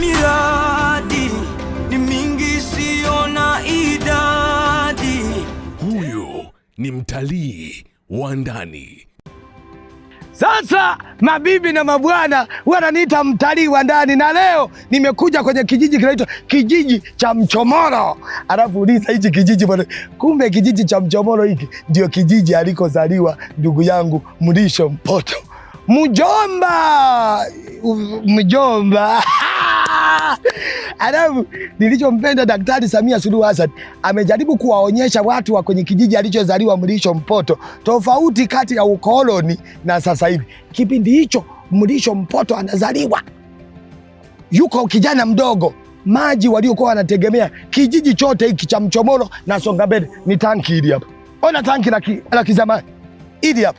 Miradi ni mingi siyo na idadi. Huyu ni mtalii wa ndani. Sasa mabibi na mabwana wananiita mtalii wa ndani, na leo nimekuja kwenye kijiji kinaitwa kijiji cha Mchomoro. Alafu uliza hichi kijiji bwana, kumbe kijiji cha Mchomoro hiki ndio kijiji alikozaliwa ndugu yangu Mrisho Mpoto mjomba mjomba. Alafu nilichompenda Daktari Samia Suluhu Hassan amejaribu kuwaonyesha watu wa kwenye kijiji alichozaliwa Mlisho Mpoto tofauti kati ya ukoloni na sasa hivi. Kipindi hicho Mlisho Mpoto anazaliwa yuko kijana mdogo, maji waliokuwa wanategemea kijiji chote hiki cha Mchomoro na Songambele ni tanki hili hapa. Ona tanki la kizamani hili hapa,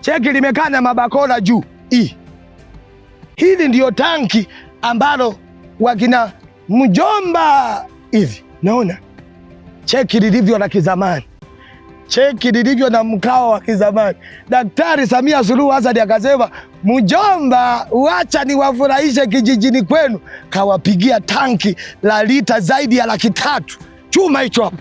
cheki limekaa na mabakora juu hii Hili ndiyo tanki ambalo wakina mjomba hivi, naona cheki lilivyo la kizamani, cheki lilivyo na mkao wa kizamani. Daktari Samia Suluhu Hassan akasema, mjomba, wacha niwafurahishe kijijini kwenu. Kawapigia tanki la lita zaidi ya laki tatu chuma hicho hapo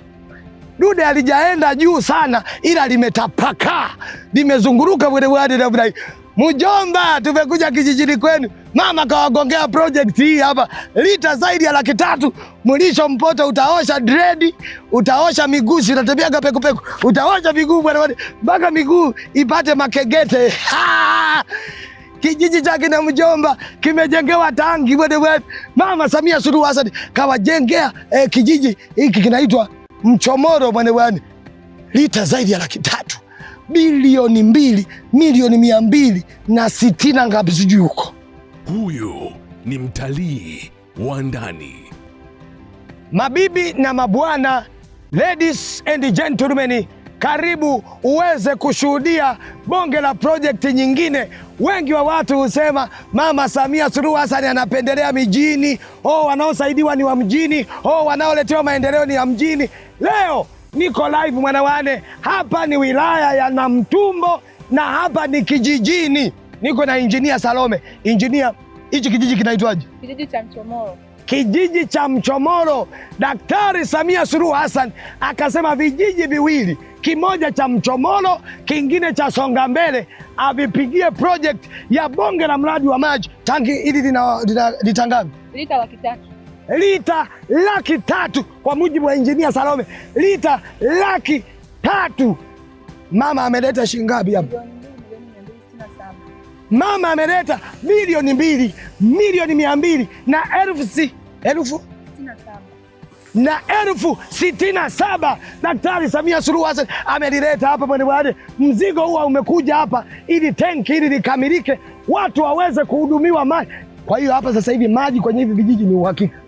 dude alijaenda juu sana, ila limetapakaa limezunguruka vilewadi namna hii Mjomba, tumekuja kijijini kwenu, mama kawagongea project hii hapa, lita zaidi ya laki tatu. Mlisho mpoto, utaosha dredi, utaosha miguu, si utatembeaga pekupeku, utaosha miguu bwana, mpaka miguu ipate makegete ha! Kijiji cha kina mjomba kimejengewa tangi bwana. Mama Samia Suluhu Hassan kawajengea eh, kijiji hiki kinaitwa Mchomoro bwana, lita zaidi ya laki tatu bilioni mbili milioni mia mbili na sitina ngapi, sijui huko. Huyu ni mtalii wa ndani. Mabibi na mabwana, ladies and gentlemen, karibu uweze kushuhudia bonge la projekti nyingine. Wengi wa watu husema Mama Samia Suluhu Hassan anapendelea mijini, oh, wanaosaidiwa ni wa mjini, oh, wanaoletewa maendeleo ni ya mjini. Leo niko live mwanawane. Hapa ni wilaya ya Namtumbo na hapa ni kijijini, niko na injinia Salome. Injinia, hichi kijiji kinaitwaje? Kijiji cha Mchomoro. Kijiji cha Mchomoro. Daktari Samia Suluhu Hassan akasema vijiji viwili, kimoja cha Mchomoro, kingine cha Songa Mbele, avipigie project ya bonge la mradi wa maji. Tangi hili lina lita ngapi? Lita laki tatu lita laki tatu kwa mujibu wa injinia Salome, lita laki tatu. Mama ameleta shingapi hapa? Mama ameleta milioni mbili, milioni mia mbili na elfu si, elfu na elfu sitini na saba. Daktari Samia Suluhu Hassan amelileta hapa mwenewade. Mzigo huwa umekuja hapa ili tenki ili likamilike, watu waweze kuhudumiwa maji. Kwa hiyo hapa sasa hivi maji kwenye hivi vijiji ni uhakika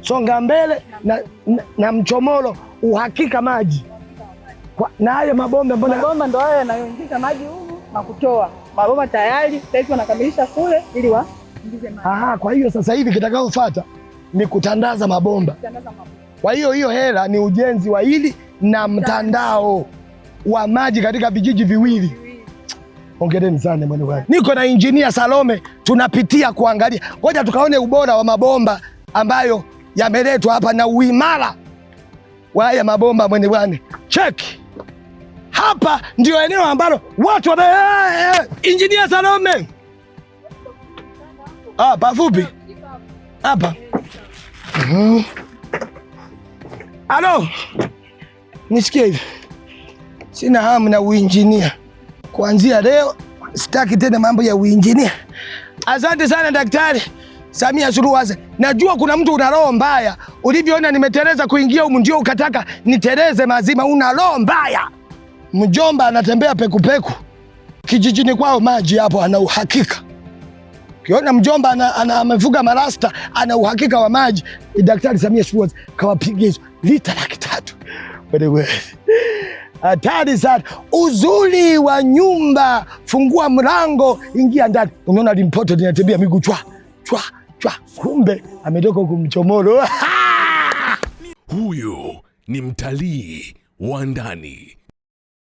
songa mbele na, na, na mchomoro uhakika maji kwa, na hayo mabomba mbona... mabomba ndo hayo yanayoingiza maji huku na kutoa mabomba tayari sasa hivi wanakamilisha kule ili waingize maji. Aha, kwa hiyo sasa hivi kitakaofuata ni kutandaza mabomba. Kwa hiyo hiyo hela ni ujenzi wa hili na mtandao wa maji katika vijiji viwili. Hongereni sana mwana. Niko na injinia Salome tunapitia kuangalia. Ngoja tukaone ubora wa mabomba ambayo yameletwa hapa na uimara waya mabomba mwene bwane, Check. hapa ndio eneo ambalo watu wame eh, eh, eh. injinia Salome hapa fupi hapa uh-huh. Alo, nisikie hivi, sina hamu na uinjinia kuanzia leo, sitaki tena mambo ya uinjinia. Asante sana daktari. Samia Suluhu Hassan, najua kuna mtu una roho mbaya. Ulivyoona nimetereza kuingia humu, ndio ukataka nitereze mazima. Una roho mbaya. Mjomba anatembea pekupeku kijijini kwao, maji hapo ana uhakika. Ukiona mjomba ana, ana, amefuga marasta ana uhakika wa maji. Daktari Samia Suluhu Hassan kawapiga lita laki tatu. hatari sana. Uzuri wa nyumba, fungua mlango, ingia ndani, unaona limpoto linatembea miguu chwa chwa Chwa, kumbe ametoka Mchomoro. huyu ni mtalii wa ndani